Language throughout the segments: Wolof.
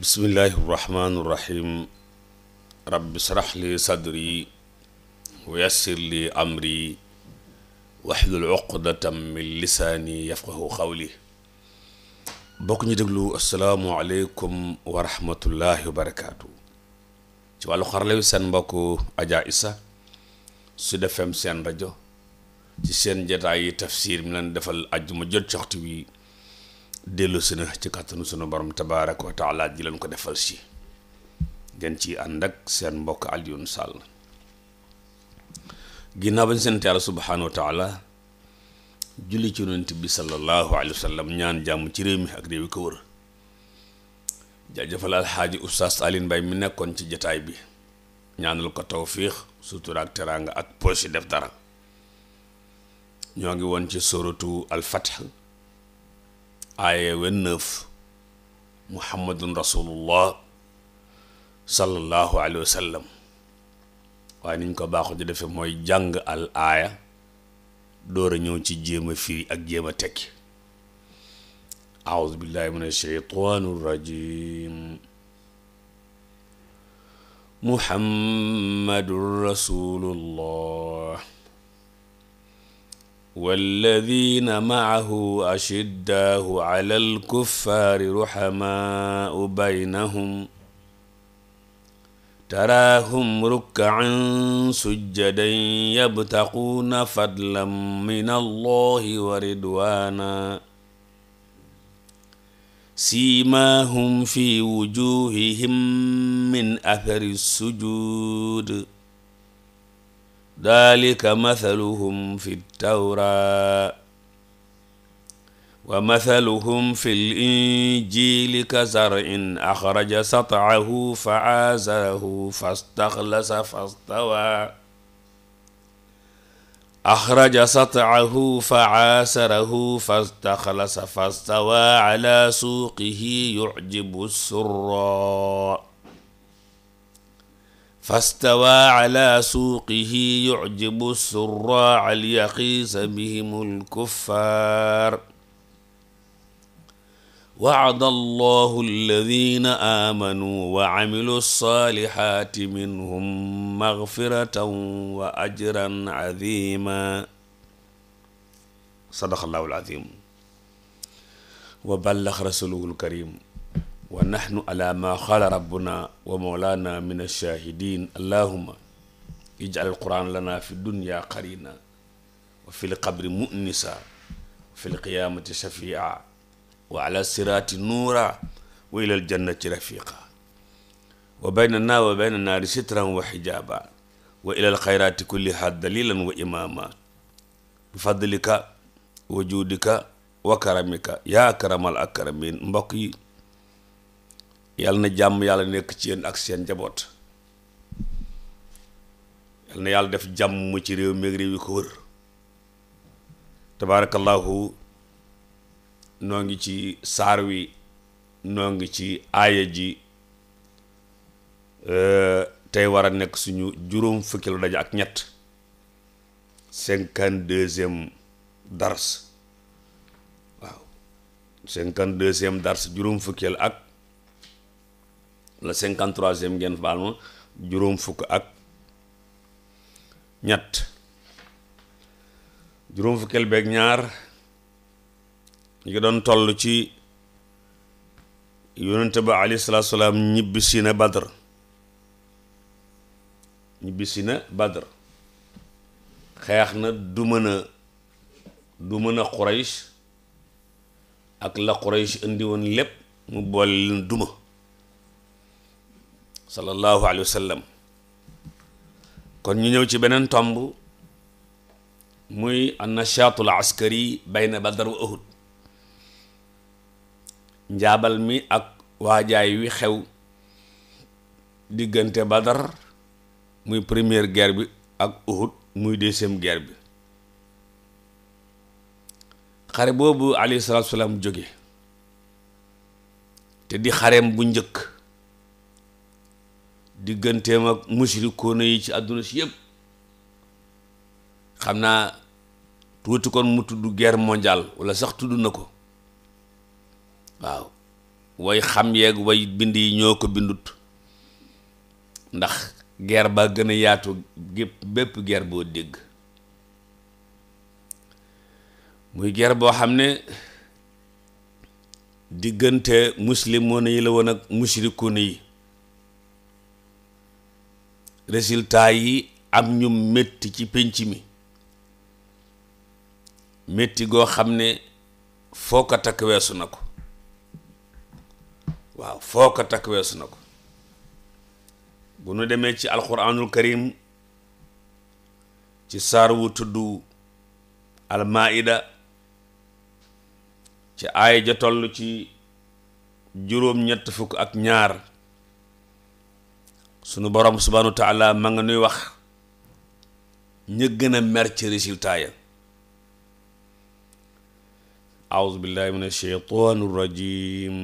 bismillahi irrahmani irrahim rabbi srax li sadri wa yassir li amri waxlul uqdatam min lisaani yafqahu qawli bokk ñu déglu asalaamualeykum wa rahmatullahi wa barakaatu ci wàllu xarale wi seen mbokk Adja Issa Sud seen rajo ci seen jataay yi tafsir mi leen defal ajjuma jot ci waxtu wi dellu na ci kàttanu sunu borom tabaaraka wa taala ji leen ko defal si ngeen ci ànd ak seen mbokk Alioune Sall ginnaaw bañ seen yàlla subhaanahu wa taala julli ci yonent bi sallallahu alayhi wa ñaan jàmm ci réew mi ak réew yi ko wër jaajëfal alxaaji oustaz Alioune Mbaye mi nekkoon ci jataay bi ñaanal ko tawfiix sutura ak teraanga ak poche def dara ñoo ngi woon ci sorotu al aaye vingt-neuf muhammadun rasulullah sallallahu alayhi wa sallam waaye ko baaxu di defee mooy jàng al aaya door ñëw ci jéem a firi ak jéem a tekki aoudu billahi min asheytaan rajim muhammadun walladina maahu ashiddaau ala alkuffaari ruhamaau baynahum taraahum rukkaan sujjadan yabtaquuna fadlan min allahi wa ridwaana siimaahum fi wujuhihim min athari sujud dalika mathaluhum fi tawra wa mathaluhum fi l injili ka zarin axraja sat'ahu fa aazarahu fastaxlasa fastawa axraja sat'ahu fa aasarahu fastaxlasa fastawa ala suuqihi yucjibu surra fastawa ala suuqihi yujibu surraa liyaxiisa bihim alkuffar wacada allahu alladina aamanuu wa camilu alsalihati minhum magfiratan wa ajran cadiima sadaqa allahu alazim wa ballax rasuluhu alkarim wa nahnu ala ma qaala rabbuna wa mawlana min alshahidin allahuma ij'al alquran lana fi dunya qarina wa fi lqabri mu'nisa wa fi lqiyamati shafia wa ala sirati nuura wa ila aljannati rafiqa wa baynana wa bayna naari sitran wa xijaba wa ila alxayrati kulliha dalilan wa imama bifadlika wa juudika wa karamika ya akramal akramin mbokk yi yàlla na jàmm yàlla nekk ci yenn ak seen njaboot yàlla na yàlla def jàmm ci réew mi yu réew yi ko wër tabaarakallaahu noo ngi ci saar wi noo ngi ci aaya ji tey war a nekk suñu juróom fukki lu ak ñett cinquante deuxième dars waaw cinquante deuxième dars juróom fukkeel ak la cinquante troisième ngeen baal ma juróom fukk ak ñett juróom fukkeel beeg ñaar ñu ngi doon toll ci yonente ba alayhi salaam ñibbisi na Badr ñibbisi na Badr xeex na du mën du mën a Quraysh ak la Quraysh indi woon lépp mu boole leen duma sallallahu alayhi wa kon ñu ñëw ci beneen tomb muy annashaatul askari bayna badar wa uhud njaabal mi ak waajaay wi xew diggante badar muy première guerre ak uhud muy deuxième guerre xare boobu alayhi salaatu salaam jóge te di xareem bu njëkk digganteem ak mushrikoona yi ci àdduna si yëpp xam naa tuuti kon mu tudd guerre mondiale wala sax tudd na ko waaw way xam yeeg way bind yi ñoo ko bindut ndax guerre ba gën a yaatu gépp bépp guerre boo dégg muy guerre boo xam ne diggante muslimoona yi la woon ak mushrikoona yi résultat yi am ñu métti ci pénc mi métti goo xam ne foo ko takk weesu na ko bu nu demee ci alquranul karim ci saar wu tudd almaida ci aay ja toll ci juróom-ñett fukk ak ñaar sunu borom subhanahu wa taala ma nga nuy wax ña gën a mer ci résultat ya audu billahi min asheytaani rajim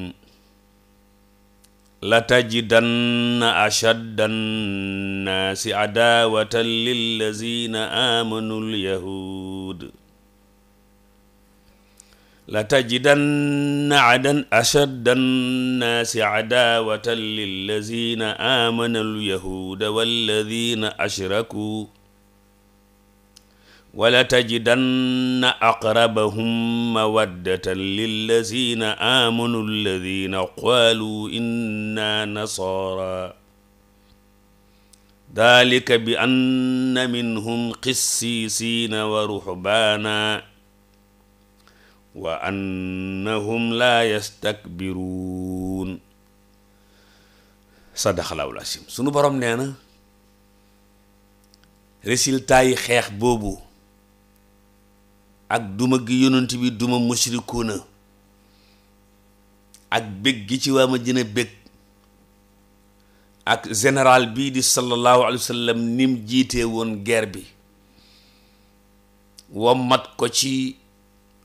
la tajidanna ashadda annaasi adaawatan lillazina amanu lyahud la tajidanna adan ashadda annaasi adaawatan lillazina amana alyahuuda walladina ashraku wala tajidanna aqrabahum mawaddatan lillazina amanu alladina qaalu inna nasaara dalika bi anna minhum qissiisiina wa ruhbaana wa annahum laa yastakbiruun sadaxalawul asim sunu borom nee na résultat yi xeex boobu ak duma gi yonent bi duma mushrikuuna ak bég gi ci waa Madina bég ak général bii di sallallahu alayhi wa sallam nim jiitee woon guerre bi wommat ko ci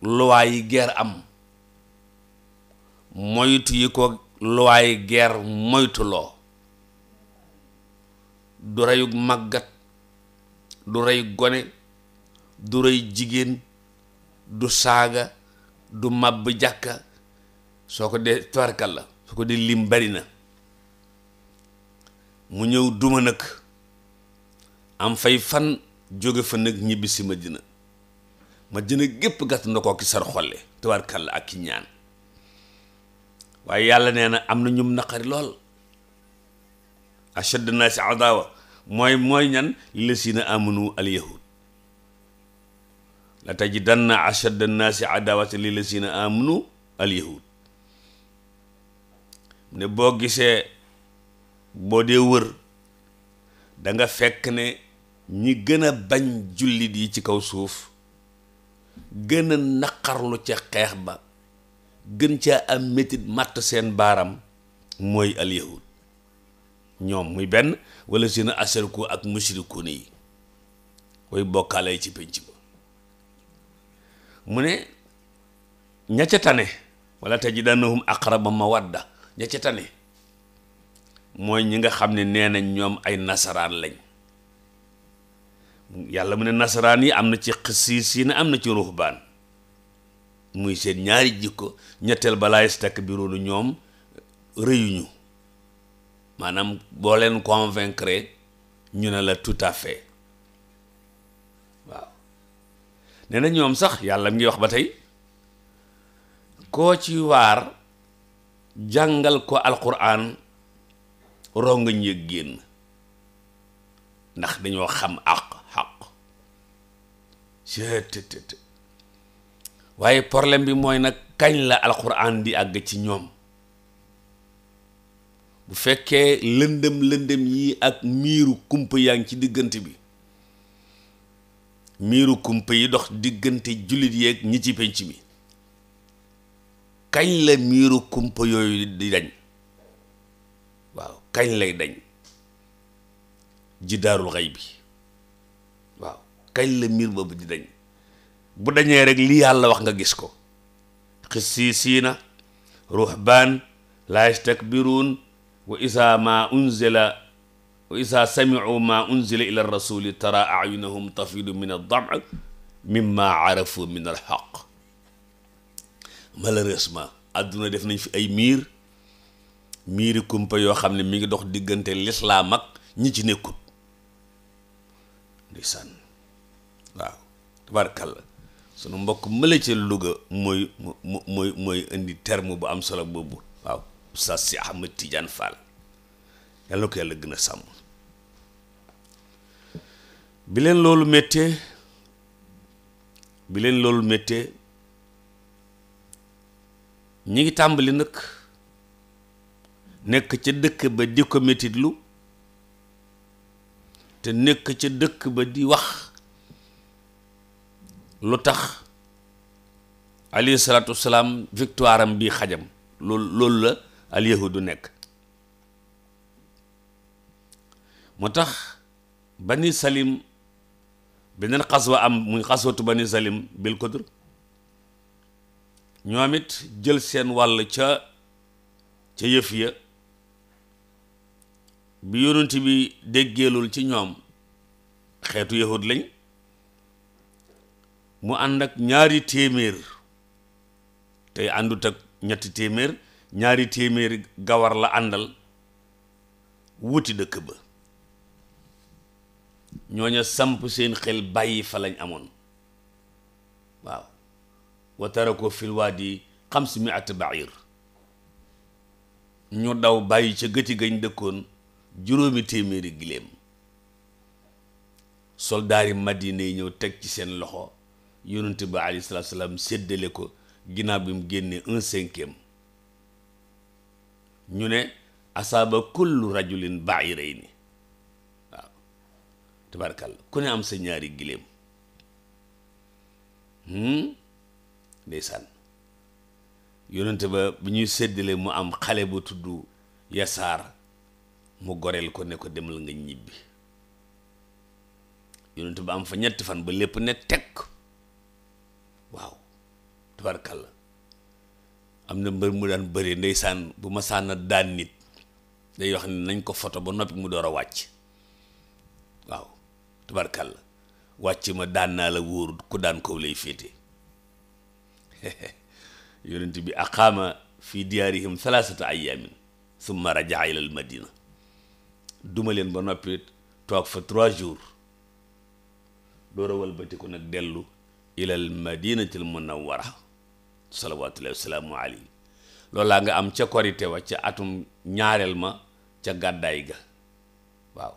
luwaa yi guerre am moytu yi ko luwaa yi guerre moytuloo du reyug màggat du rey gone du rey jigéen du saaga du màbb jàkka soo ko dee tubarkal la su ko dee lim bari na mu ñëw duma nag am fay fan jóge fa nag ñibbisi Madina ma jën gépp gàtt na ko ki sar xolle tabarkàlla ak ki ñaan waaye yàlla nee na am na ñum naqari lool ashaddu naasi adaawa mooy mooy ñan lillasiina amanu alyahud la tajidanna ashadda naasi adaawata lillasiina amanu alyahud ne boo gisee boo dee wër danga fekk ne ñi gën a bañ jullit yi ci kaw suuf gëna a naqarlu ca xeex ba gën caa am métit matt seen baaram mooy alyahud ñoom muy benn wala sina asharku ak mushrikuun yi koy bokkaale ci pénc ba mu ne ña ca tane wala tajidannahum aqraba mawadda ña ca tane mooy ñi nga xam ne nee nañ ñoom ay nasaraan lañ yàlla mu ne nasaraan yi am na ci xisiis yi na am na ci baan muy seen ñaari jikko ñetteel balaa yastakbiruuna ñoom rëyuñu maanaam boo leen convaincre ñu ne la tout à fait waaw nee na ñoom sax yàlla mi ngi wax ba tey koo ci waar jàngal ko alquran rongañ yëg génn ndax dañoo xam àq ctt waaye problème bi mooy nag kañ la alxuraan di àgg ci ñoom bu fekkee lëndëm lëndëm yi ak miiru kumpa yaa ngi ci diggante bi miiru kumpa yi dox diggante jullit yeeg ñi ci pénc bi kañ la miiru kumpa yooyu di dañ waaw kañ lay dañ ji daarul xay bi kañ la miir boobu di dañ bu dañee rek li yàlla wax nga gis ko xissiisiina ruhbaan laa yastakbiruun wa isaa maa unzila wa isaa samicuu maa unzila ila rasuli tara ayunahum tafidu min aldam mimma arafu min alxaq malheureusement def nañ fi ay miir miir kumpa yoo xam ne mi ngi dox diggante lislaam ñi ci nekkut ndeysaan waaw tabarkalla sunu mbokk mële ca Louga mooy mooy indi terme bu am solo boobu waaw sa si Ahmed Tidiane Fall yàlla na ko yàlla gën a sàmm bi leen loolu méttee bi leen loolu méttee ñi ngi tàmbali nag nekk ca dëkk ba di ko métitlu te nekk ca dëkk ba di wax lu tax alayhi salaatu wasalaam victoire bi bii xajam loolu la al yahudu nekk moo tax bani salim beneen xaswa am muy xaswatu bani salim bil kudr ñoom it jël seen wàll ca ca yëf ya bi yonent bi déggeelul ci ñoom xeetu yahud lañ mu ànd ak ñaari téeméer tey àndut ak ñetti téeméer ñaari téeméeri gawar la àndal wuti dëkk ba ñooña samp seen xel bàyyi fa lañ amoon waaw wa tarako fil waadi xamsi mi'at ba'ir ñu daw bàyyi ca gëti gañ dëkkoon juróomi téeméeri giléem soldaari madina yi ñëw teg ci seen loxo yonent ba alayhi salaam séddale ko ginaaw bi mu génnee un cinquième ñu ne asaaba kullu rajulin ba'iray ni waaw tabarakalla ku ne am sa ñaari giléem hmm? ndeysaan yonent ba bu ñuy séddale mu am xale bu tudd yasaar mu goreel ko ne ko demal nga ñibbi yonent ba am fa ñetti fan ba lépp ne tekk waaw tubarkalla am na mbër mu daan bëree ndeysaan bu ma sànn daan nit day wax nañ ko foto ba noppi mu door a wàcc waaw tubarkalla wàcc ma daan naa la wóor ku daan kow lay féete yonent bi aqaama fi diyaarihim thalathata ayaamin summa rajaa ila al madina duma leen ba noppi toog fa trois jours door a walbatiku nag dellu ilal madinatil munawwara salawaatullahi wasalaamu alayhi loolu laa nga am ca korite wa ca atum ñaareel ma ca gàddaay ga waaw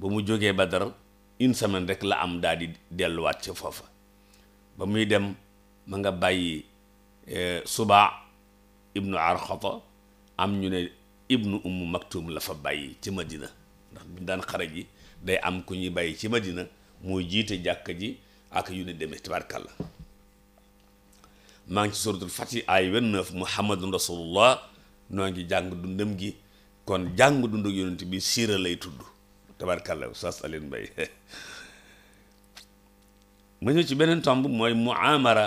ba mu jógee Badar une semaine rek la am daal di delluwaat ca foofa ba muy dem ma nga bàyyi e, subaa ibnu arxata am ñu ne ibnu ummu maktum la fa bàyyi ci madina ndax bi daan xare ji day am ku ñuy bàyyi ci madina mooy jiite jàkk ji ak yu ne demee tabaarkalla maa ngi ci suratul Fatih ay 29 Muhammadun Rasulullah noo jàng dundam gi kon jàng dund ak siira lay tudd tabaarkalla Oustaz Alioune Mbaye ma ñëw ci beneen tomb mooy muamara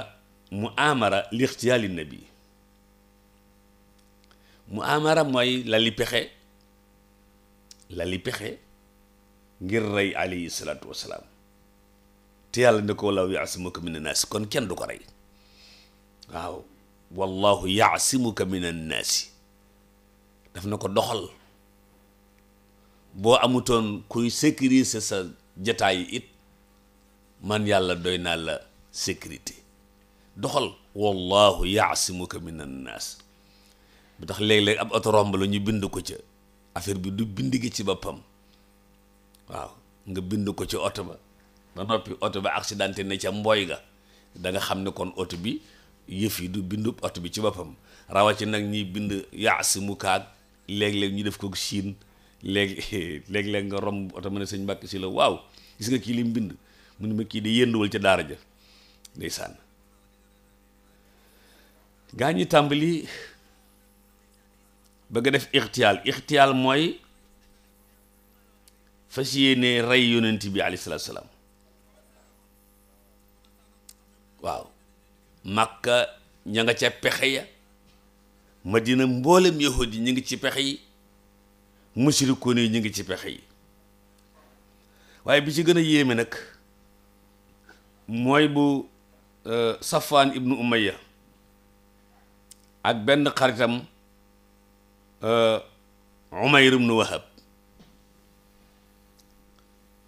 muamara li ixtiyaali nabi muamara mooy lali pexe lali pexe ngir rey alayhi wassalaam te yàlla ne ko wallaahu yaasimuka min annaasi kon kenn du ko rey waaw wallahu yaasimuka min annaasi daf na ko doxal boo amutoon kuy sécuriser sa jataay it man yàlla doy naa la sécurité doxal wallahu yaasimuka min naas bu tax léeg-léeg ab oto romb la ñu bind ko ca affaire bi du bind gi ci boppam waaw nga bind ko ci oto ba ba noppi oto ba accidenté ne ca mbooy ga danga xam ne kon oto bi yëf yi du bindu oto bi ci boppam rawati nag ñi bind yaasi mukaag léeg-léeg ñu def kook siin léegi léeg-léeg nga romb oto ma ne sëñ Mbàkke si la waaw gis nga kii li mu bind mu ne ma kii di wal ca daara ja ndeysaan gaa ñi tàmbali bëgg a def ixtiyaal ixtiyaal mooy fas yéene rey yonent bi alayhi salaatu salaam waaw makka ña nga ca pexe ya madina mboolem yahud yi ñu ngi ci pexe yi mushrikoon yi ñu ngi ci pexe yi waaye bi ci gën a yéeme nag mooy bu euh, safaan ibnu umayya ak benn xaritam euh, umayr ibnu wahab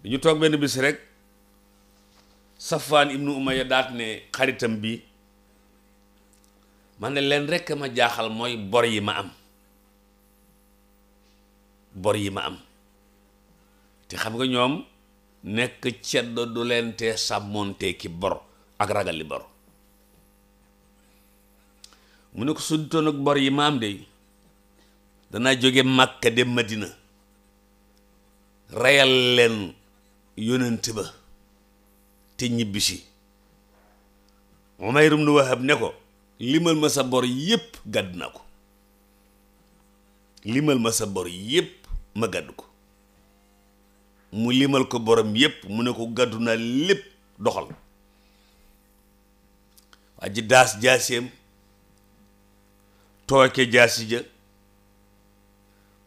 ñu toog benn bis rek Safwaan ibnu Umayya daat ne xaritam bi man ne leen rekk ma jaaxal mooy bor yi ma am bor yi ma am te xam nga ñoom nekk cedd du leen te sàmmoonte ki bor ak ragal li bor mu ne ko suddutoon ak bor yi ma am de danaa jóge Màkka dem Madina reyal leen yónnent ba te ñibbisi Umayr ibn Wahab ne ko limal ma sa bor yépp gàdd na ko limal ma sa bor yépp ma gàdd ko mu limal ko borom yépp mu ne ko gàddu na lépp doxal waa ji daas jaaseem tooke jaasi ja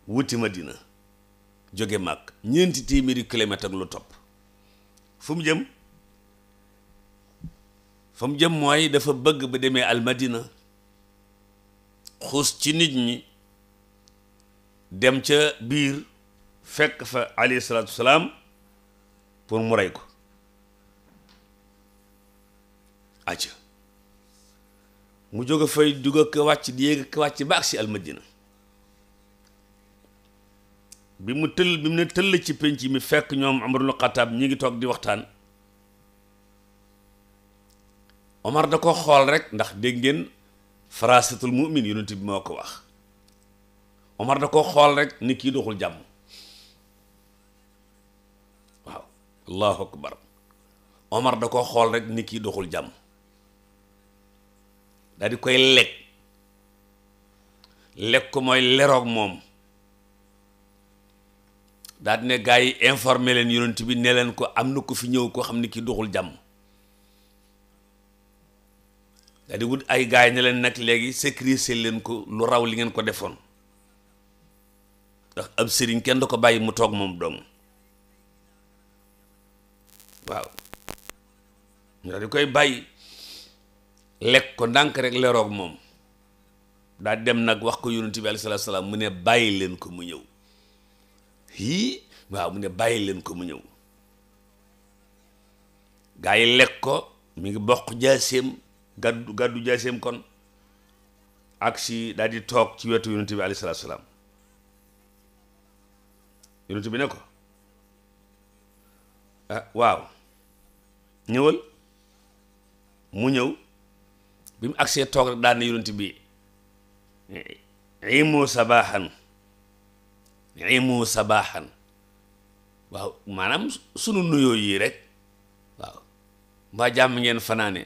wuti Madina jóge màg ñeenti téeméeri kilomètre ak lu topp fu mu jëm fa mu jëm mooy dafa bëgg ba demee almadina xus ci nit ñi dem ca biir fekk fa alayhi salaatu salaam pour mu rey ko acca mu jóge fay dugg ak wàcc di yéeg ak wàcc ba agsi almadina bi mu tëll bi mu ne tëll ci penc mi fekk ñoom amarul xataab ñu ngi toog di waxtaan Omar da ko xool rek ndax dégg ngeen farasatul mu'min yonent bi moo ko wax Omar da ko xool rek ni kii doxul jàmm waaw allahu da ko xool rek ni kii doxul jàmm daal koy lekk lekk ko mooy leroog moom daal di ne gaa yi informé leen yonent bi ne leen ko am na ko fi ñëw koo xam ne kii doxul jàmm daal wut ay gaay ne leen nag léegi sécuriser leen ko lu raw li ngeen ko defoon ndax ab sëriñ kenn du ko bàyyi mu toog moom dong waaw ñu koy bàyyi lekk ko ndànk rek leroog moom daa dem nag wax ko yonent bi alayhi salaatu mu ne bàyyi leen ko mu ñëw hii waaw bàyyi leen ko mu ñëw gaa yi lekk ko mi ngi bokk jaaseem gàddu gàddu jaaseem kon agsi daal toog ci wetu yonent bi alayhi salaam yonent bi ne ko ah, waaw ñëwal mu ñëw bi mu agsee toog rek daal bi ay bi imu ay imu sabaaxan waaw maanaam sunu nuyoo yii rek waaw mbaa jàmm ngeen fanaane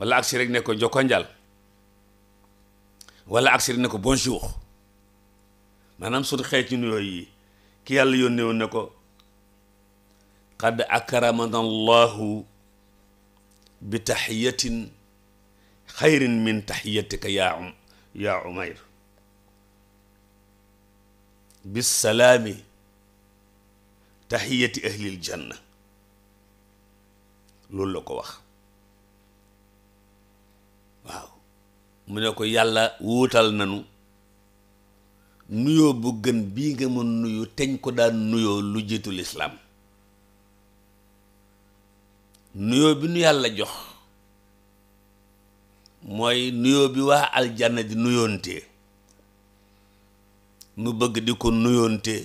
wala agsi rek ne ko jokkonjal wala agsi rek ne ko bonjour maanaam suñu xeeti nuyoo yi ki yàlla yónnee woon ne ko qad akramana allahu bi taxiyatin xayrin min taxiyatika yaa um yaa umayr bisalaami taxiyati ahlil janna loolu la ko wax mu ne ko yàlla wutal nanu nuyoo bu gën bii nga ma nuyu teñ ko daan nuyoo lu jiitu lislaam nuyoo bi nu yàlla jox mooy nuyoo bi waa aljanna di nuyoontee mu bëgg di ko nuyoontee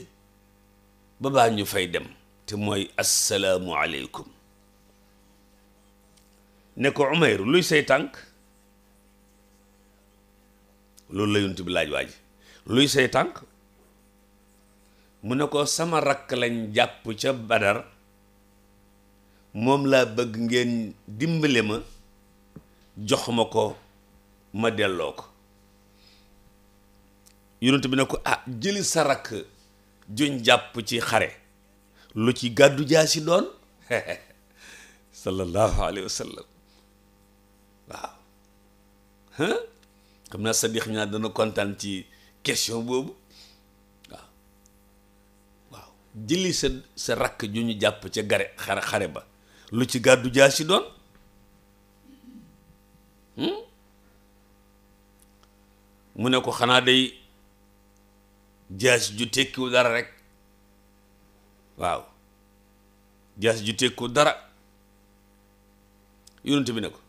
ba baa ñu fay dem te mooy assalaamu aleykum ne ko Umayr luy say tànk loolu la yonent bi laaj waa ji luy say tànk mu ne ko sama rakk lañ jàpp ca badar moom laa bëgg ngeen dimbale ma jox ma ko ma delloo ko yonent bi ne ko ah jëli sa rakk juñ jàpp ci xare lu ci gàddu jaasi doon sallallahu alayhi wa waaw xam naa Sadikh ñaar dana kontaan ci question boobu waaw waaw jëli sa sa rakk ju ñu jàpp ca gare xare xare ba lu ci gàddu jaa si doon hmm? mu ne ko xanaa day jaas ju tekkiwu dara rek waaw jaas ju tekkiwu dara yonent bi ne ko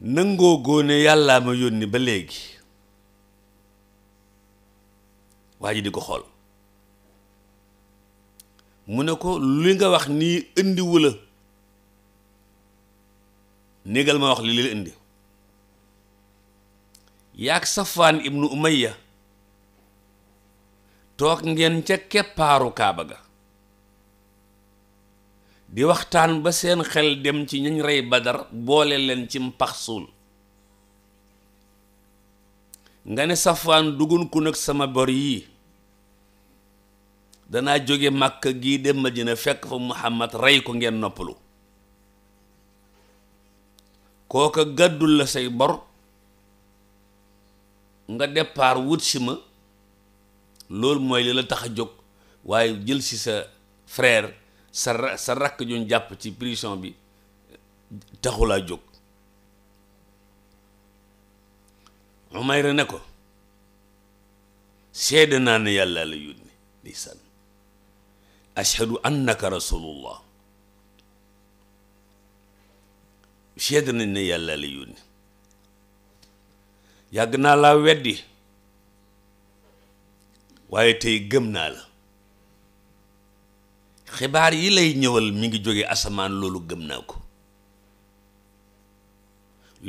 nangoo góone yàllaa ma yónni ba léegi waa ji di ko xool mu ne ko li nga wax nii indiwu la négal ma wax li la indi yaag Safwaan ibnu Umayya toog ngeen ca keppaaru Kaaba ga di waxtaan ba seen xel dem ci ñañ rey badar boole leen ci mpax suul nga ne safaan dugun ku nag sama bor yii danaa jóge màkka gi dem madina fekk fa muhammad rey ko ngeen noppalu kooka gàddul la say bor nga départ wut si ma loolu mooy li la tax a jóg waaye jël si sa freer sa rakk juñ jàpp ci prison bi taxulaa jóg Umayra ne ko sedd naa ne yàlla la yónni di san ashhadu annaka rasulullah seede nañ ne yàlla la yónni yàgg naa laa weddi waaye tey gëm naa la xibaar yi lay ñëwal mi ngi joge asamaan loolu gëm naa ko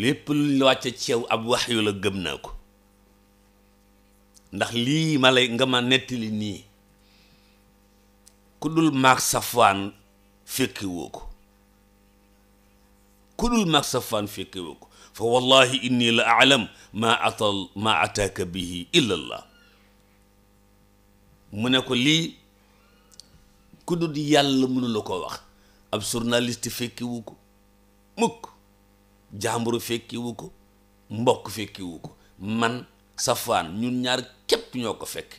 lépp lu wàcce ci yow ab wax yu la gëm naa ko ndax lii ma lay nga ma nettali nii ku dul maag safwaan fekki woo ko ku dul maag safwaan fekki woo ko fa wallahi inni la alam ma bihi illa allah mu ne ko lii ku dul yàlla mënula koo wax ab journaliste fekkiwu ko mukk jàmburu fekkiwu ko mbokk fekkiwu ko man safaan ñun ñaar képp ñoo ko fekk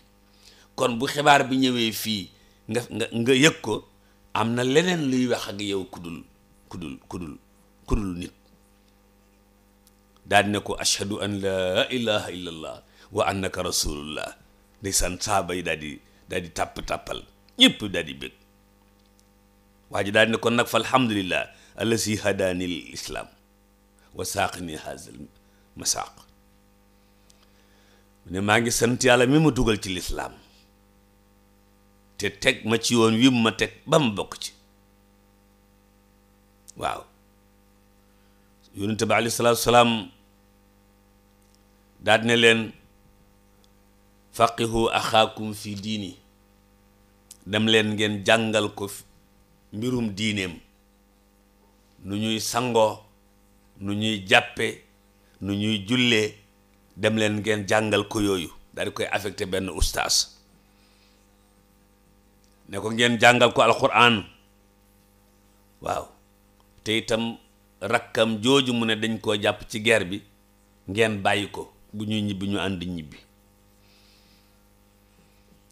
kon bu xibaar bi ñëwee fii nga nga nga yëg ko am na leneen luy wax ak yow kudul kudul kudul kudul nit daal ne ko ashhadu an laa ilaha illa allah wa annaka rasulullah ndeysaan saaba yi daal di tàpp-tàppal ñëpp daal di bëgg waa ji daal ne kon nag fa alhamdulillah allasi hadaani lil islaam wa saaqani haazal masaaq mu ne maa ngi sant yàlla mi ma dugal ci lislaam te teg ma ci yoon wi ma teg ba mu bokk ci waaw yonente bi aleyhi salaam daal ne leen faqihu axaakum fi diini dem leen ngeen jàngal ko mbirum diineem nu ñuy sangoo nu ñuy jàppe nu ñuy jullee dem leen ngeen jàngal ko yooyu daal di koy affecté benn ustaas ne ko ngeen jàngal ko alxuraan waaw te itam rakkam jooju mu ne dañ koo jàpp ci guerre bi ngeen bàyyi ko bu ñuy ñibbi ñu ànd ñibbi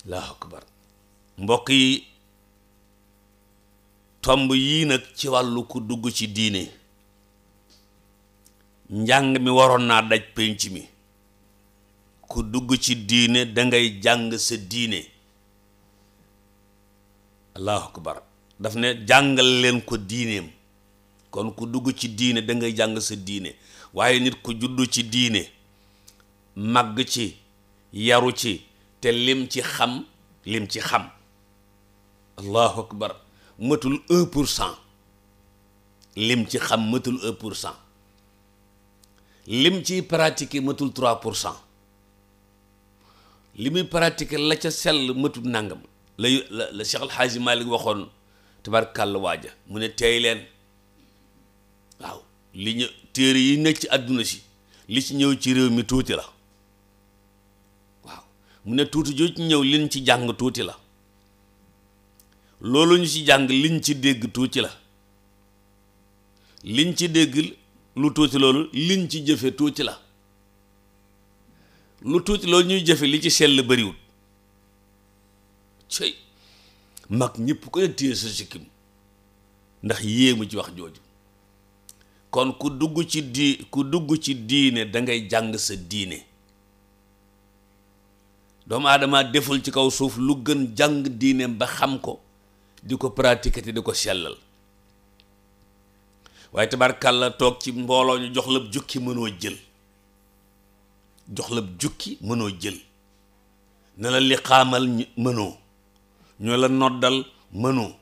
allahu akbar mbokk yi tomb yii nag ci wàllu ku dugg ci diine njàng mi waroon naa daj pénc mi ku dugg ci diine dangay jàng sa diine allahu akbar daf ne jàngal leen ko diineem kon ku dugg ci diine dangay jàng sa diine waaye nit ku juddu ci diine màgg ci yaru ci te lim ci xam lim ci xam allahu akbar matul pour cent lim ci xam matul pour cent lim ci pratique matul trois pour cent li muy pratiquer la ca sell matul nangam la la la Cheikh El Hadji Malick waxoon tabarkàll waaja mu ne teey leen waaw li ñu téere yi nekk ci àdduna si li ci ñëw ci réew mi tuuti la waaw mu ne tuuti joo ci ñëw liñ ci jàng tuuti la loolu ñu ci jàng liñ ci dégg tuuti la liñ ci dégg lu tuuti loolu liñ ci jëfe tuuti la lu tuuti loolu ñuy jëfe li ci sell bariwul cëy mag ñépp ko ne téye sa sikkim ndax yéemu ci wax jooju kon ku dugg ci di ku dugg ci diine dangay jàng sa diine doomu aadama deful ci kaw suuf lu gën jàng diineem ba xam ko di ko pratiquer te di ko sellal waaye tabarkàlla toog ci mbooloo ñu jox la jukki mënoo jël jox la jukki mënoo jël ne la liqaamal mënoo ñu la noddal mënoo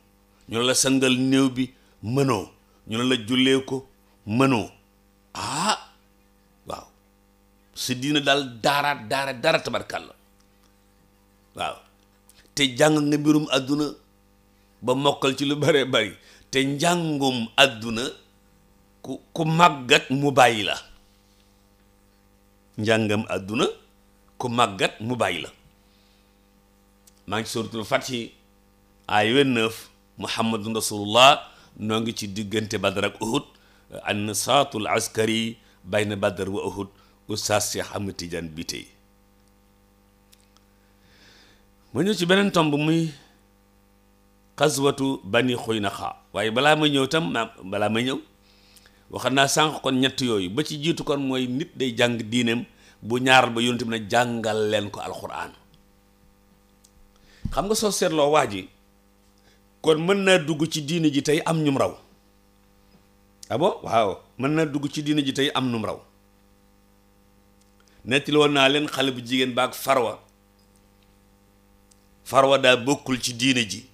ñu la sangal néew bi mënoo ñu la jullee ko mënoo ah waaw si diina daal daara daara daara tabarkàlla waaw te jàng nga mbirum àdduna ba mokkal ci lu bare bari te njàngum àdduna ku ku màggat mu bàyyi la njàngam àdduna ku màggat mu bàyyi la maa ngi ci suratul Fathi aaya vingt-neuf muhammadun rasulullah noo ngi ci diggante badar ak uhud an saatul askari bayna badar wa uhud oustaz Cheikh Ahmed Tidiane bi tey ma ñëw ci beneen tomb muy xaswatu bani xuynaxa waaye balaa may ñëw tam ma balaa may ñëw waxam naa sànq kon ñett yooyu ba ci jiitu kon mooy nit day jàng diineem bu ñaaral ba yonent bi na jàngal leen ko alxuraan xam nga soo seetloo waa ji kon mën naa dugg ci diine ji tey am ñum raw abo ah waaw mën naa dugg ci diine ji tey am ñum raw nettali woon naa leen xale bu jigéen ba ak farwa farwa daa bokkul ci diine ji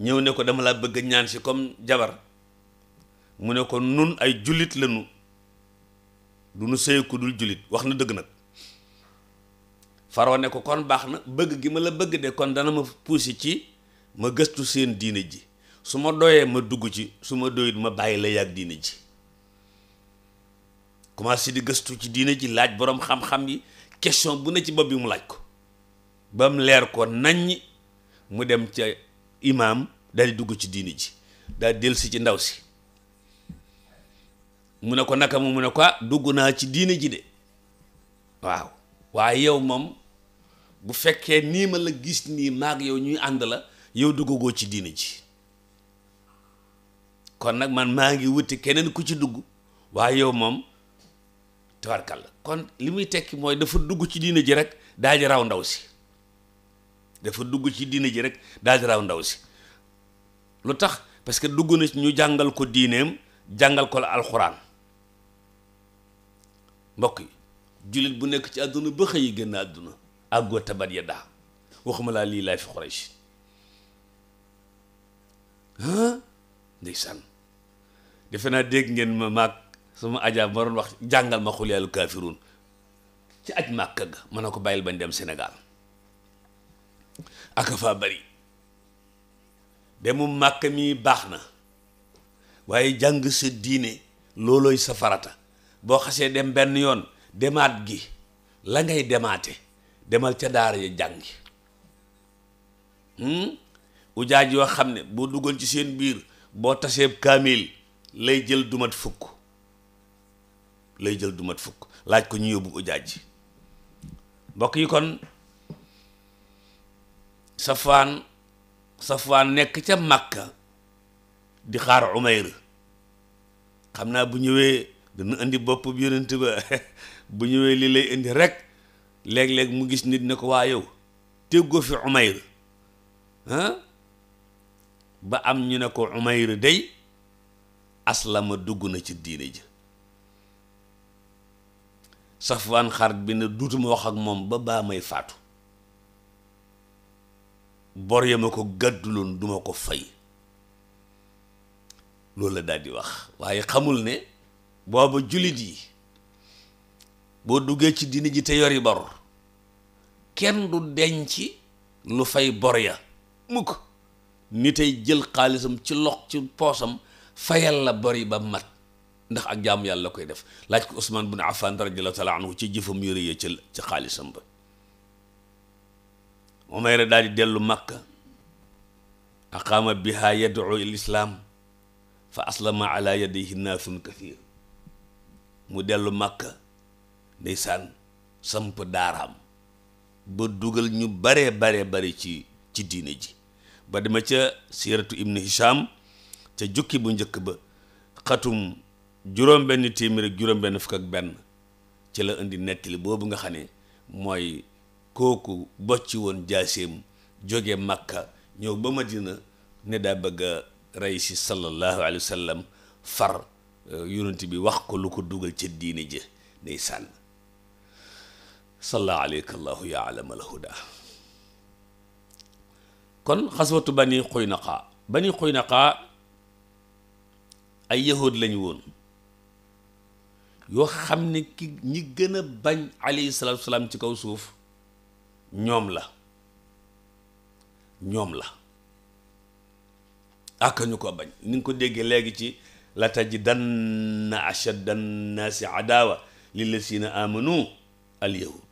ñëw ne ko dama laa bëgg ñaan si comme jabar mu ne ko nun ay jullit lañu du nu sëy ku dul jullit wax na dëgg nag farao ne ko kon baax na bëgg gi ma la bëgg de kon dana ma puusi ci ma gëstu seen diina ji su ma doyee ma dugg ci su ma doyut ma bàyyi la yàgg diina ji commencé di gëstu ci diina ji laaj boroom xam-xam yi question bu ne ci bopp bi mu laaj ko bam mu leer ko naññ mu dem ca imaam daal di dugg ci diini ji daal di dellusi ci ndaw si mu ne ko naka mu mu ne ko ah, dugg naa ci diini ji de waaw waaye yow moom bu fekkee nii ma la gis nii maag yow ñuy ànd la yow duggagoo ci diini ji kon nag man maa ngi wuti keneen ku ci dugg waaye yow moom tawarkal la kon li muy tekki mooy dafa dugg ci diini ji rek daal di raw ndaw si dafa dugg ci diine ji rek daal di raw ndaw si lu tax parce que dugg na ñu jàngal ko diineem jàngal ko la alxuraan mbokk yi jullit bu nekk ci àdduna ba xëy yi génn àdduna àggoo tabat ya daa waxuma laa lii laay fi Quraysh ndeysaan defe naa dégg ngeen ma maag suma ajaab ma doon wax jàngal ma xul yàllu ci aj màkk ga mën na ko bàyyil bañ dem senegal aka faa bari demum màkk mi baax na waaye jàng sa diine loolooy sa farata boo xasee dem benn yoon demaat gi la ngay demaate demal ca daara ya jàngi hmm? ujaaj yoo xam ne boo duggal ci seen biir boo taseeb kaamil lay jël dumat fukk lay jël dumat fukk laaj ko ñu yóbbu ujaaj ji kon safwaan safwaan nekk ca màkka di xaar umayr xam naa bu ñëwee dana indi bopp bi yonent ba bu ñëwee lii lay indi rekk léeg-léeg mu gis nit ne ko waa yow téggoo fi umayr ba am ñu ne ko umayr day aslama dugg na ci diine ji safwaan xarit bi ne duutuma wax ak moom ba baa may faatu bor ya ma ko gàdduloon duma ko fay loolu la daal di wax waaye xamul ne booba jullit yi boo duggee ci diini ji te yori bor kenn du denc lu fay bor ya mukk ni tey jël xaalisam ci lox ci poosam fayal la bor yi ba mat ndax ak jaamu yàlla la koy def laaj ko Ousmane bin Affan radiyallahu taala anhu ci jëfam yore ya ci ci xaalisam ba Umayra daal di dellu Makka aqaama biha yad'u il islaam mu dellu Makka ndeysaan samp daaraam ba dugal ñu bare bare bare ci ci diine ji ba dama ca siiratu ibnu hisham ca jukki bu njëkk ba xatum juróom-benn téeméer ak juróom-benn fukk ak benn ci la indi nettali boobu nga xam ne mooy kooku bocci woon jaaseem jóge makka ñëw ba madina ne daa bëgg a rey si sallallahu alayhi wa far euh, yonent bi wax ko lu ko dugal ca diine jë day sànn salla aleyka allahu ya alamal huda kon xaswatu bani xuynaqa bani xuynaqa ay yahood lañu woon yoo xam ne ki ñi gën a bañ alayhi salaatu salaam ci kaw suuf ñoom la ñoom la ak ñu ko bañ ni nga ko déggee léegi ci la tajidanna ashadda annaasi adaawa lillazina amanu al yahud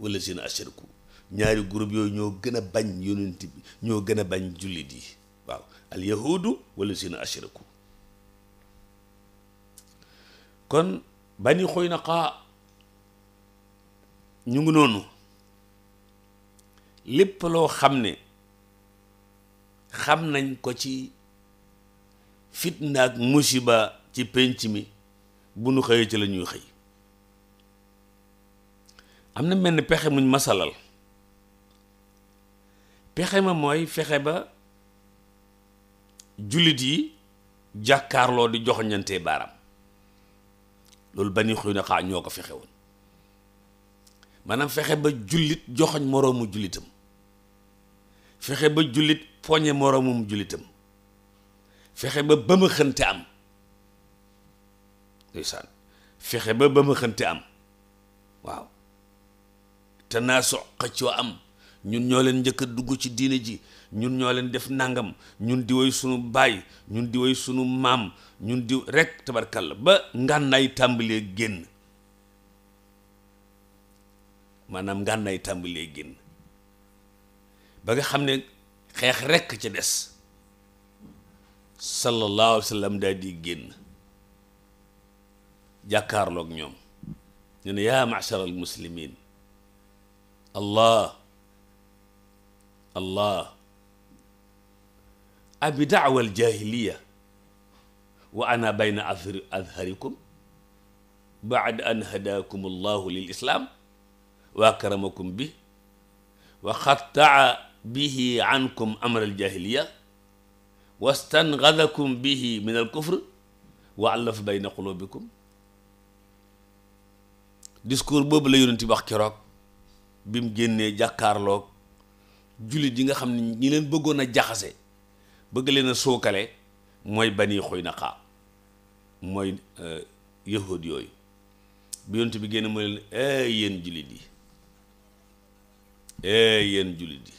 wallazina ashraku ñaari groupe yooyu ñoo gën a bañ yonent bi ñoo gën a bañ jullit yi waaw al yahudu wallazina ashraku kon bani Xuynaqa ñu ngi noonu lépp loo xam ne xam nañ ko ci fitna ak musiba ci pénc mi bu nu xëyee ci la ñuy xëy am na mel ni pexe muñ masalal pexe ma mooy fexe ba jullit yi jàkkaarloo di joxoñantee baaram loolu ba bani xuy na xaa ñoo ko fexe woon maanaam fexe ba jullit joxoñ moroomu jullitam fexe ba jullit poñe moroomum jullitam fexe ba ba ma xënte am ndeysaan fexe ba ba ma xënte am waaw te naa so xëccoo am ñun ñoo leen njëkk a dugg ci diine ji ñun ñoo leen def nangam ñun di woy sunu baay ñun di woy sunu maam ñun di rek tabarkalla ba ngànnaay tàmbalee génn maanaam ngànnaay tàmbalee génn ba nga xam ne xeex rekk ci des sallallahu alayhi wa sallam daal di génn jàkkaarloog ñoom ñu ne yaa machar al muslimin allah allah abi daawa al jahiliya wa ana bayna azharikum baad an hadaakum allahu lil islam waa akramakum bi wa xattaa bihi ankum amra aljahilia wa stangadakum bihi min alkufr wa allaf bayna qulubikum discours boobu la yonent bi wax keroog bi mu génnee jàkkaarloog jullit yi nga xam ne ñi leen bëggoon a jaxase bëgg leen a sookale mooy bani xuy naqaa mooy euh, yahud yooyu bi yonent bi génn mu leen yéen jullit yi ee yéen jullit yi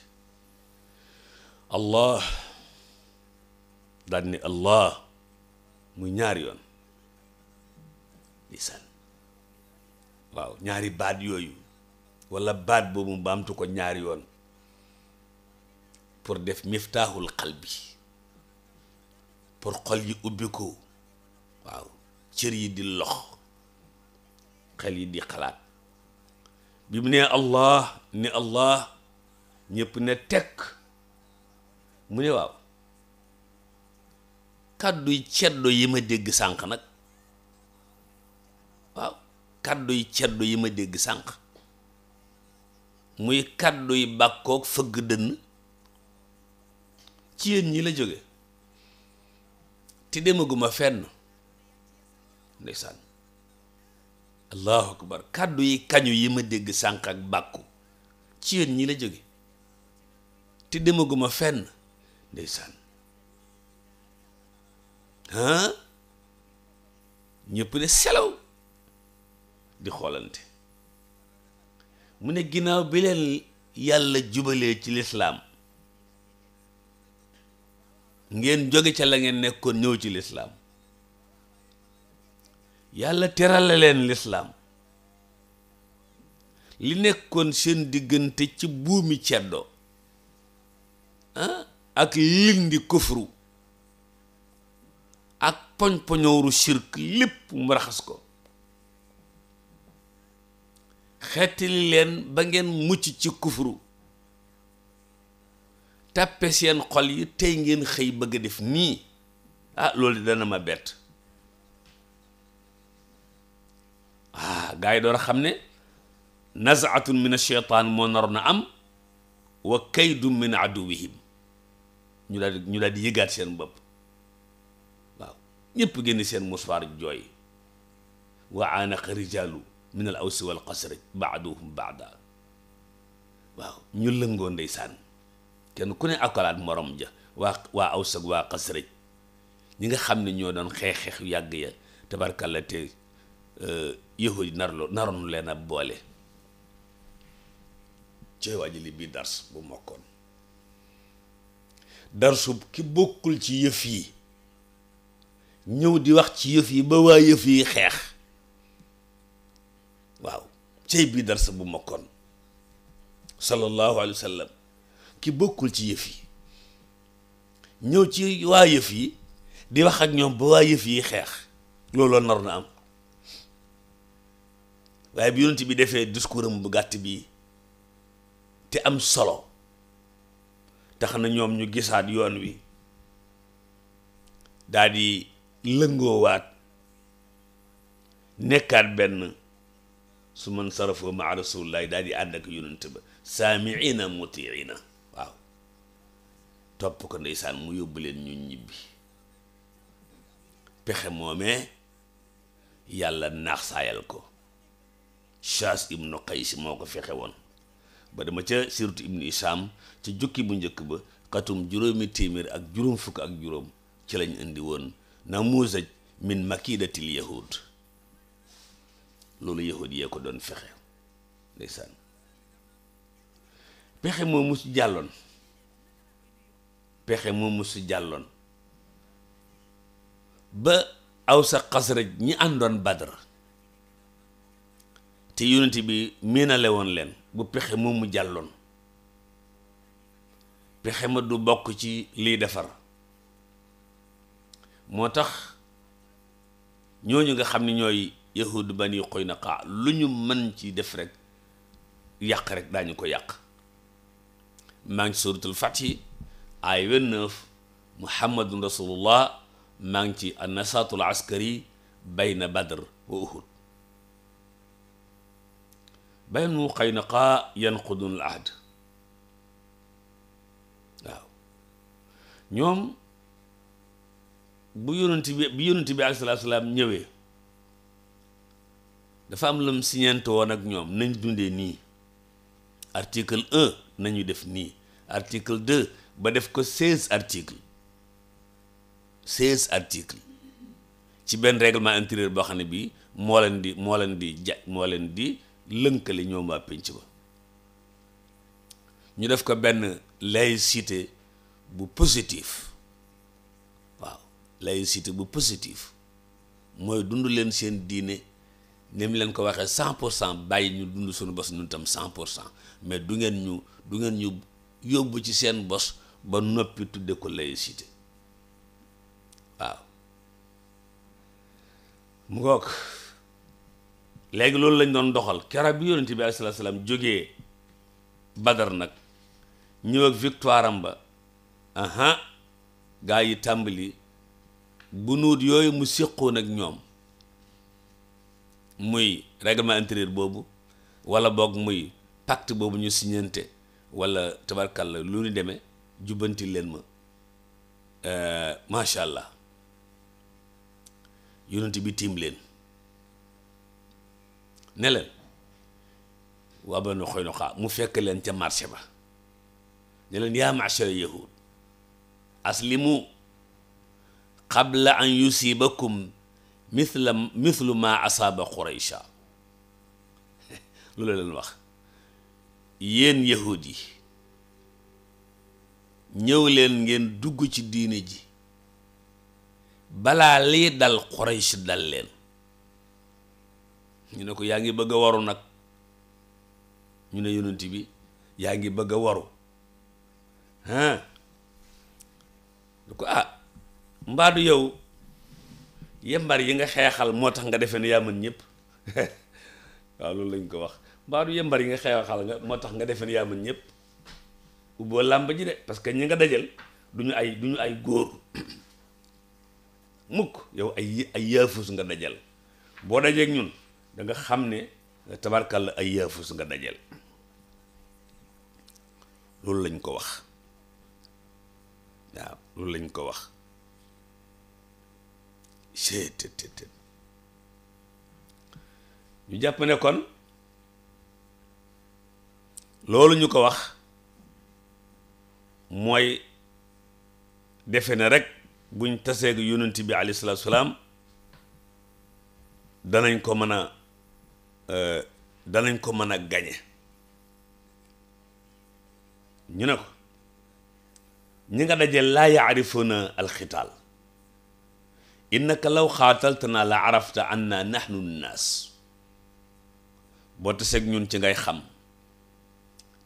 allah daan ni allah mu ñaari yoon lisaan waaw ñaari baat yooyu walla baat boobu baamtu ko ñaari yoon pour def miftaaxul xal bi pour xol yi ubbi ko waaw cër yi di lox xel yi di xalaat bi mu nee allah ni allah ñëpp ne tek mu ne waaw kàdduy ceddo yi ma dégg sànq nag waaw kàdduy ceddo yi ma dégg sànq muy kàdduy bàkkook fëgg dënn ci yéen ñi la jóge te demaguma fenn ndeysaan allahu akbar kàddu yi kañu yi ma dégg sànq ak bàkku ci yéen ñi la jóge te demaguma fenn ndeysaan ah ñëpp ne selaw di xoolante mu ne ginnaaw bi leen yàlla jubalee ci lislaam ngeen jóge ca la ngeen nekkoon ñëw ci lislaam yàlla terale leen lislaam li nekkoon seen diggante ci buumi ceddo ah, ak ndi kufru ak poñ poñooru sirk lépp mu raxas ko xettali leen ba ngeen mucc ci kufru tàppe seen xol yi tey ngeen xëy bëgg a def nii ah loolu dana ma bett ah gars yi door xam ne nazaatun min asheytaan moo naroon na am wa kaydun min aduwihim ñu daal ñu daal di yëgaat seen bopp waaw ñëpp génn seen musfaar jooy wa aanaqa rijalu min al awsi wal xasraj baaduhum baada waaw ñu lëngoo ndeysaan kenn ku ne akalaat morom ja waa waa aws ak waa xasraj nga xam ne ñoo doon xeex-xeex yàgg ya tabarkalla te Euh, yahud yi narloo naroon leen a boole cee waa ji li bii dars bu mokkoon darsu ki bokkul ci yëf yi ñëw di wax ci yëf yi ba waa yëf yi xeex waaw cey bii dars bu mokkoon sallallahu alayhi wa sallam ki bokkul ci yëf yi ñëw ci waa yëf yi di wax ak ñoom ba waa yëf yi xeex looloo nar na am waaye bi yonent bi defee discours am bu gàtt bi te am solo tax na ñoom ñu gisaat yoon wi daal di lëngoowaat nekkaat benn su man sarafoo ma rasulillahi daal di ànd ak yonent ba saamiina mutiina waaw topp ko ndeysaan mu yóbbu leen ñun ñibbi pexe moomee yàlla naax saayal ko Shaas ibnu Qays moo ko fexe woon ba dama ca sirtu ibnu Isaam ca jukki bu njëkk ba xatum juróomi téeméer ak juróom fukk ak juróom ci lañ indi woon namuzaj min makidatil yahud loolu yahud yee ko doon fexe ndeysaan pexe moo musu jàlloon pexe moom musu jàlloon ba aw sa xasraj ñi àndoon badr te yonent bi miinale woon leen bu pexe mu jàlloon pexe ma du bokk ci liy defar moo tax ñooñu nga xam ni ñooy yahudu bani Qaynuqa lu ñu mën ci def rek yàq rek daañu ko yàq maa ngi suratul Fath ay vingt-neuf muhammadun rasulullah maa ngi ci annasaatul askari bayna badr wa uhud banu xaynaqa yanqudun al ahd waaw ñoom bu yonent bi bi yonent bi alayhi salaatu salaam ñëwee dafa am la mu siñeent woon ak ñoom nañ dundee nii article un nañu def nii article deux ba def ko seize article seize article ci benn règlement intérieur boo xam ne bi moo leen di moo leen di ja moo leen di lënkali ñoom a pénc ba ñu def ko benn laïcité bu positif waaw laïcité bu positif mooy dund leen seen diine ni mu leen ko waxee cent pour cent bàyyi ñu dund suñu bos ñun tam cent pour cent mais du ngeen ñu du ngeen ñu yóbbu ci seen bos ba noppi tudde ko laïcité waaw mu ngook léegi loolu lañ doon doxal keroog bi yonent bi alayhi salaam jógee Badar nag ñëw ak victoire ba aha gaa yi tàmbali bu nuut yooyu mu séqoon ak ñoom muy règlement intérieur boobu wala boog muy pacte boobu ñu siñante wala tabarkalla lu ñu demee jubbanti leen ma euh, macha allah yonent bi tiim leen ne leen waa Banu Qaynuqa mu fekk leen ca marché ba ne leen yaa ma'shara yahud aslimu qabla an yusibakum mithla ma asaaba quraysha loolu leen wax yéen yahud yi ñëw leen ngeen dugg ci diine ji balaa lii dal quraysh dal leen ñu ne ko yaa ngi bëgg waru nag ñu ne yonent bi yaa ngi bëgg a waru ah du ko ah mbaadu yow yembar yi nga xeexal moo tax nga defee ne yaa mën ñëpp waaw lañ ko wax mbaadu yembar yi nga xeexal nga moo tax nga defee ne ñëpp ubboo làmb ji de parce que ñu nga dajal du ñu ay du ñu ay góor mukk yow ay ay yaafus nga dajal boo dajeeg ñun da xam ne la ay yaafus nga dajeel loolu lañ ko wax waaw loolu lañ ko wax cttt ñu jàpp ne kon loolu ñu ko wax mooy defe ne rek buñ taseeg yonent bi alayhi salaatu salaam danañ ko mën a Euh, danañ ko mën a gañe ñu ne ko ñi nga daje laa yaarifuuna alxitaal innaka law xaataltanaa la arafta anna nahnu nnaas boo taseeg ñun ci ngay xam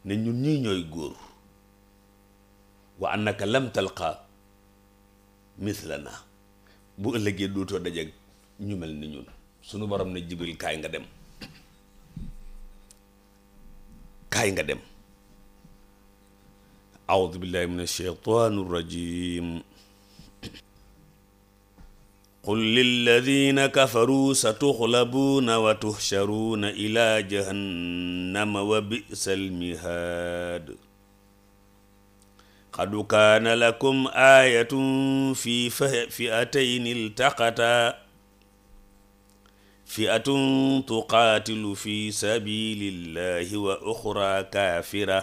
ne ñun ñii ñooy góor wa annaka lam talqa mithlana bu ëllëgee dootoo dajeeg ñu mel ni ñun sunu borom ne jibril kaay nga dem kaay nga dem aoudu billahi min alsheytani arrajim qul lilladina kafaru satuxlabuuna wa tuxcharuuna ila jahannama wa bisa almihaad qad kaana lakum aayatun fi fi'atayni iltaqataa fi'atun tuqaatilu fi sabilillahi wa uxra kaafira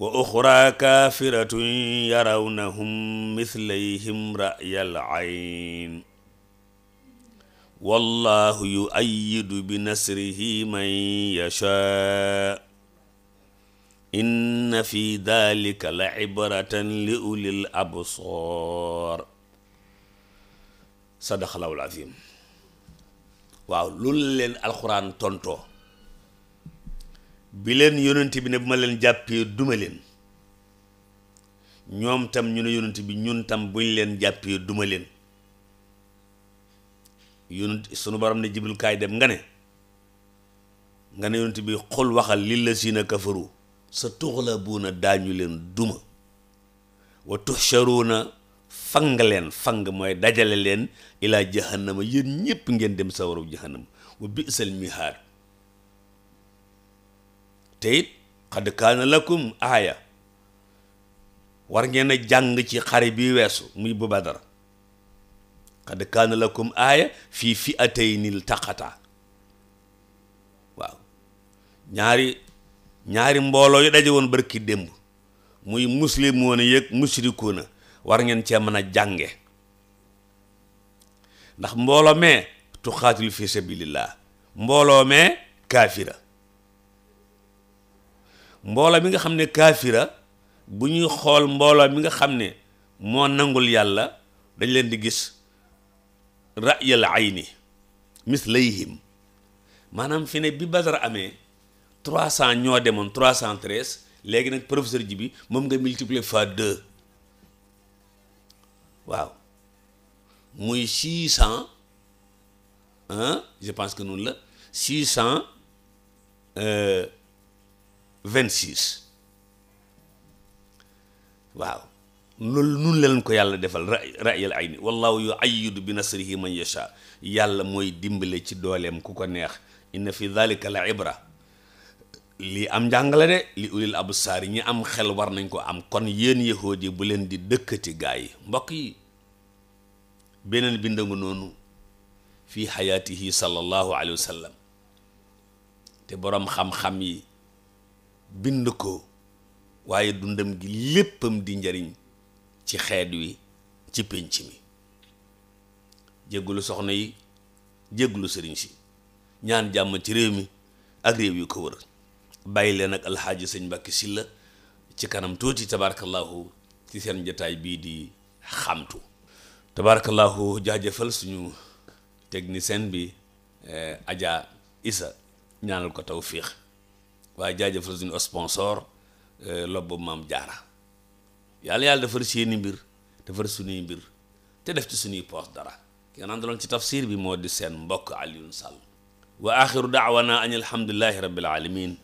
wa uxra kaafiratun yarawnahum mislayhim ra'yal ayn wallahu yu'ayyidu bi nasrihi man yashaa inna fi dalika la ibratan li ulil absar sadaqallahul azim waaw loolu leen alxuraan tontoo bi leen yonent bi ne bu ma leen jàppee duma leen ñoom tam ñu ne yonent bi ñun tam buñ leen jàppee duma leen yonent sunu borom ne jibril kaay dem nga ne nga ne yonent bi xul waxal lillazina kafaru sa tuxlabuuna daañu leen duma wa tuxcharuuna fang leen fang mooy dajale leen ilaa jahannama yéen ñëpp ngeen dem sawaru jahannama wa bi'sal mihaad te it xad kaana lakum aaya war ngeen a jàng ci xare bi weesu muy bu badar xad kaana lakum aaya fii fi ataynil taqata waaw ñaari ñaari mbooloo yu daje woon barki démb muy muslimoona yëg musrikoona war ngeen cee mën a jànge ndax mbooloo mee tuqaatilu fi sabilillah mbooloo mee kaafira mbooloo mi nga xam ne kaafira bu ñuy xool mbooloo mi nga xam ne moo nangul yàlla dañ leen di gis ra'yal ayni mislayhim maanaam fi ne bi Badar amee trois cent ñoo demoon trois cent treize léegi nag professeur ji bi moom nga multiplier fois deux waaw muy six cent je pense que noonu la six cent euh, vingt six waaw loolu nun leen ko yàlla defal ra rayal ay ni wallahu yu ayidu bi nasrihi man yasha yàlla mooy dimbale ci dooleem ku ko neex inna fi dalika la ibra lii am njàng de li ulil absaar ñi am xel war nañ ko am kon yéen yahood yi bu leen di dëkkati gaa yi mbokk yi beneen bi ndangu noonu fii xayaatihi sallallahu alayhi wa te boroom xam-xam yi bind ko waaye dundam gi léppam di njariñ ci xeet wi ci pénc mi jéggulu soxna yi jéggulu sëriñ si ñaan jàmm ci réew mi ak réew yu ko wër bàyyi leen ak alxaaji sëñ Mbàkke Sylla ci kanam tuuti tabarakallahu ci seen jotaay bii di xamtu tabarakallahu jaajëfal suñu technicien bi eh, Adja Isa ñaanal ko tawfiix waaye jaajëfal suñu sponsor eh, lobbu maam jaara yàlla yàlla defar seeni mbir defar suñuy mbir te def ci suñuy poos dara ki nga àndaloon ci tafsir bi moo di seen mbokk Alioune Sall wa axiru daawana an alhamdulillahi rabbil alamin